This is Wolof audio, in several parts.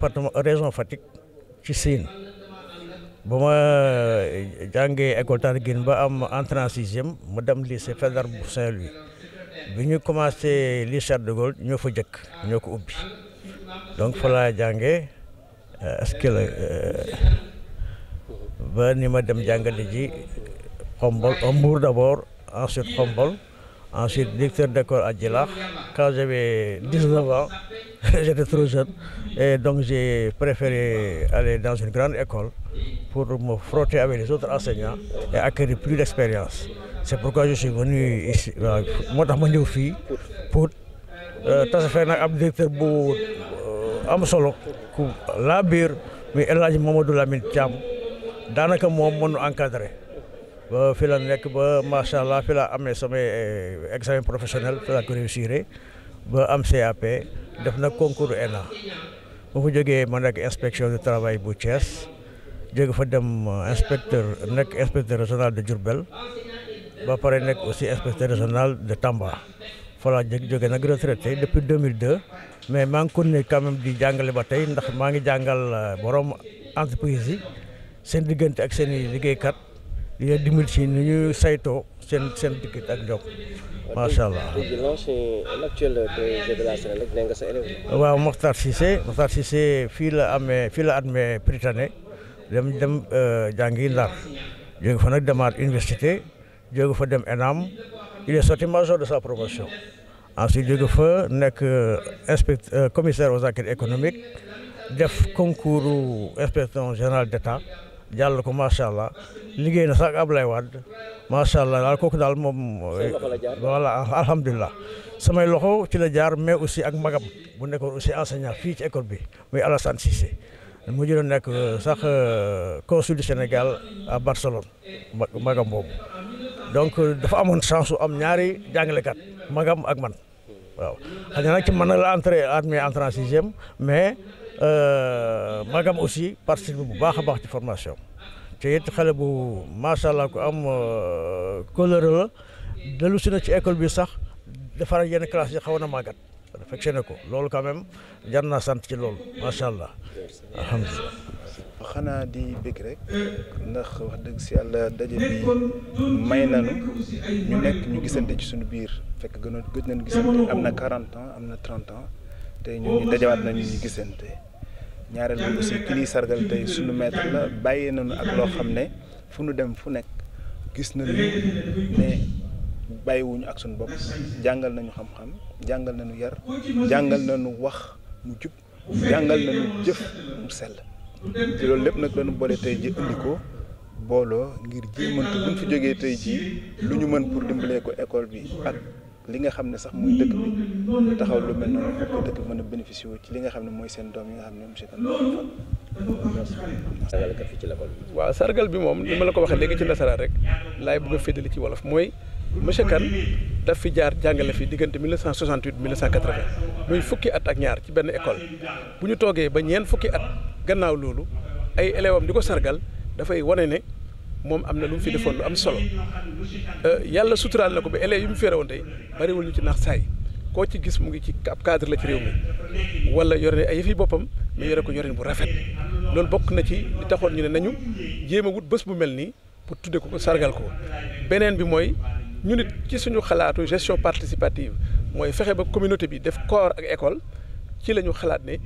département région Fatick ci Sine ba ma eh, jàngee école Tataguine ba am entrée en sixième ma dem lycée Faidherbe bu Saint-Louis bi ñu commencé lycée de Gaulle ñoo fa jëkk ñoo ko ubbi donc fa laa jàngee eh, est-ce la eh, ba ni ma dem jàngale ji xombol Mbour d'abord ensuite xombol ensuite directeur d'école à Djilakh. Quand j'avais 19 ans, j'étais trop jeunes et donc j'ai préféré aller dans une grande école pour me frotter avec les autres enseignants et acquérir plus d'expérience. C'est pourquoi je suis venu ici euh, moo tax ma ñëw fii pour euh, tasa fee nag am directeur bu euh, am solo ku laa biir muy El Hadj Mamadou Lamine Thiam daanaka moom mënu encadré ba fi la nekk ba macha allah fi la amee samay eh, examen professionnel fi la ko réussir ba am CAP def na concours ENA bu fa jógee ma nekk inspection du travail bu Thiès jóge fa dem eh, inspecteur nekk inspecteur régional de Diourbel ba pare nekk aussi inspecteur régional de Tamba fa laa jóge nag retraité depuis 2002 mais maa ngi continuer quand même di jàngale ba tey ndax maa ngi jàngal eh, borom entreprise yi seen diggante ak seen i liggéeykat. di leen si ni ñu saytoo seen seen diggante ak ñoom macha allah. waaw Mokhtar Cissé Mokhtar Cissé fii la amee fii la admee Prytanée dem dem euh, jàngi Ndar jóge fa nag demaat université jóge fa dem ENAM il est sorti major de sa promotion ensuite jóge fa nekk euh, inspecteur commissaire aux enquêtes économique def concours inspection générale d' jàll ko macha allah liggéey na sax Ablaye Wade macha allah daal kooku daal moom. voilà alhamdulilah. samay loxo ci la jaar mais aussi ak magam bu nekkoon aussi enseignant fii ci école bi muy Alassane Cissé mu jëloon nekk euh, sax euh, consul du Sénégal a Barcelone magam boobu donc euh, dafa amoon chance su am ñaari jàngalekat magam ak man waaw xëy nag ci man la entré admis entrant sixième mais. Euh, magam aussi participe bu baax a baax ci formation te it xale bu macha allah ko am euh, colère la si na ci école bi sax defar yenn classe yi xaw na màggat fekk na ko loolu quand même jar naa sant ci loolu macha allah alhamdulilah. xanaa di bëgg rek ndax wax dëgg si yàlla daje bi may nanu ñu nekk ñu gisante ci sunu biir fekk gënoon gëj nañu gisante am na 40 ans am na 30 ans. tey ñooñu dajawaat nañu ñu gisante ñaareel bi aussi ki ñuy sargal tey suñu maître la bàyyee nañu ak loo xam ne fu nu dem fu nekk gis nañu ne bàyyiwuñu ak suñu bopp jàngal nañu xam-xam jàngal nañu yar jàngal nañu wax mu jub jàngal nañu jëf mu sell ci loolu lépp nag lañu boole tey ji indi ko booloo ngir jéemante buñ fi jógee tey ji lu ñu mën pour dimbalee ko école bi ak li nga xam ne sax muy dëkk bi ñu taxaw lu mel noonu pour que dëkk bi mën a bénéficier ci li nga xam ne mooy seen doom yi nga xam ne monsieur Kane sargal ka fi ci l'école bi. waaw sargal bi moom ni ma la ko waxee léegi ci nasaraan rek laay bëgg a féddali ci wolof mooy monsieur Kane daf fi jaar jàngale fi diggante 1968 1980 muy fukki at ak ñaar ci benn école bu ñu toogee ba ñeent fukki at gannaaw loolu ay élèves di ko sargal dafay wane ne. moom am na lu mu fi defoon lu am solo euh, yàlla suturaal na ko ba élèves yi mu féerewoon tey bariwul ñu ci naax saay koo ci gis mu ngi ci ab cadre la ci réew mi wala yore ay yëf yi boppam mu yore ko yorin bu rafet loolu bokk na ci li taxoon ñu ne nañu jéem a wut bés bu mel nii pour tudde ko ko sargal ko beneen bi mooy ñu nit ci suñu xalaatu gestion participative mooy fexe ba communauté bi def corps ak école ci la ñu xalaat ne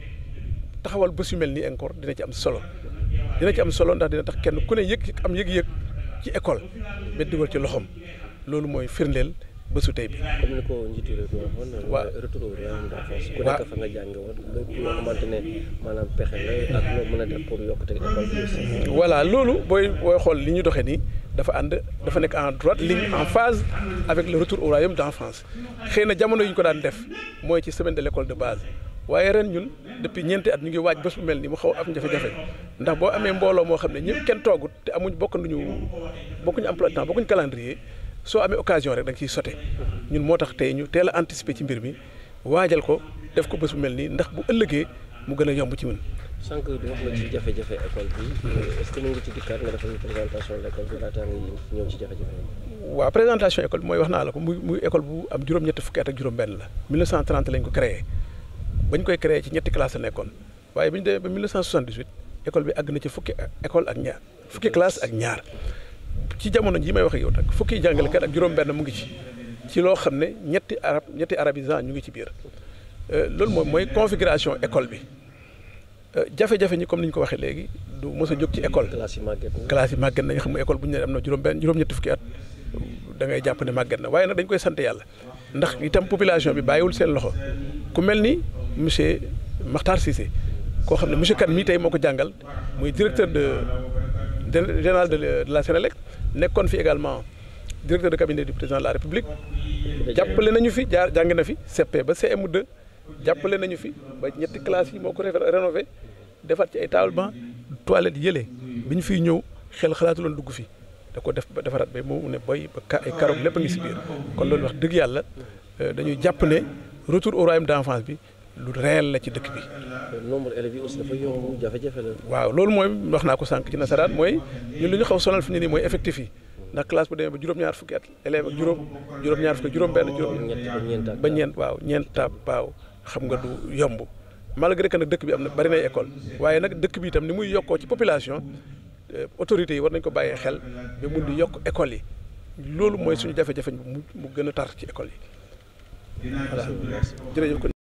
taxawal bés yu mel nii encore dina ci am solo dina ci am solo ndax dina tax kenn ku ne yëg am yëg-yëg ci école ba dugal ci loxoom loolu mooy firndeel bésu tey bi. comme ni ko njiitu réew mi waxoon. waaw retour aux réalités de la France. xamante ne maanaam pexe mën a def pour yokkute école bi voilà loolu booy booy xool li ñu doxee nii dafa ànd dafa nekk en droite ligne en phase avec le retour au royaume d'enfance xëy na jamono yi ñu ko daan def mooy ci semaine de l'école de base. waaye ren ñun depuis ñeenti at ñu ngi waaj bés bu mel nii mu xaw am jafe-jafe ndax boo amee mbooloo moo xam ne ñëpp kenn toogut te amuñ bokkuñu bokkuñu emploi temps bokkuñu calendrier soo amee occasion rek da ci ciy sote ñun moo tax tey ñu teel a anticiper ci mbir mi waajal ko def ko bés bu mel nii ndax bu ëllëgee mu gën a yomb ci ñun. sànq bi wax nga ci jafe-jafe école bi est présentation jafe-jafe waaw présentation école mooy wax naa la ko muy muy école bu am juróom-ñetti fukki at benn la 1930 lañ ko créé bañ koy créé ci ñetti classe la nekkoon waaye bi ñu demee ba 1978 école bi àgg na ci fukki école ak ñaar fukki classe ak ñaar ci jamono ji may waxee yow nag fukki jàngalekat ak juróom-benn mu ngi ci ci loo xam ne ñetti arab ñetti arabisant ñu ngi ci biir euh, loolu moom mooy configuration école bi euh, jafe-jafe ñi comme ni ñu ko waxee léegi du mos a jóg ci école. classe yi màgget classe yi nañ xam nga école bu ñu nee am na juróom-benn juróom-ñetti fukki at màgget na waaye nag dañ koy sant yàlla. ndax itam population bi bàyyiwul seen loxo ku mel ni monsieur Makhtar Cissé koo xam ne monsieur Kane mii tey moo ko jàngal muy directeur de général de la Sénélec nekkoon fi également directeur de cabinet du président de la République jàppale nañu fi jaar jàng na fi CP ba cm jàppale nañu fi ba ñetti classes yi moo ko rénové defaat ci ay table banc toilettes yële bi ñu fiy ñëw xel xalaatuloon dugg fi da ko def ba defaraat bay moom mu ne boy ba ay lépp a ngi si biir kon loolu wax dëgg yàlla euh, dañuy jàpp ne retour au royaume d'enfance bi lu réel la ci dëkk bi. nombre élèves yi aussi dafa yomb waaw loolu mooy wax naa ko sànq ci nasaraat mooy ñun lu ñu xaw sonal fi nii mooy effectif yi ndax classe bu demee ba juróom-ñaar fukki at élèves ak juróom juróom-ñaar fukki juróom-benn juróom ba ñeent waaw ñeent taab waaw xam nga du yomb malgré que nag dëkk bi am na bari nay école waaye nag dëkk bi itam ni muy yokkoo ci population Euh, autorités yi war nañ ko bàyyee xel ba mun di yokk école yi loolu mooy suñu jafe-jafe mu mu gën a tar ci école yi voilà jërëjëf kon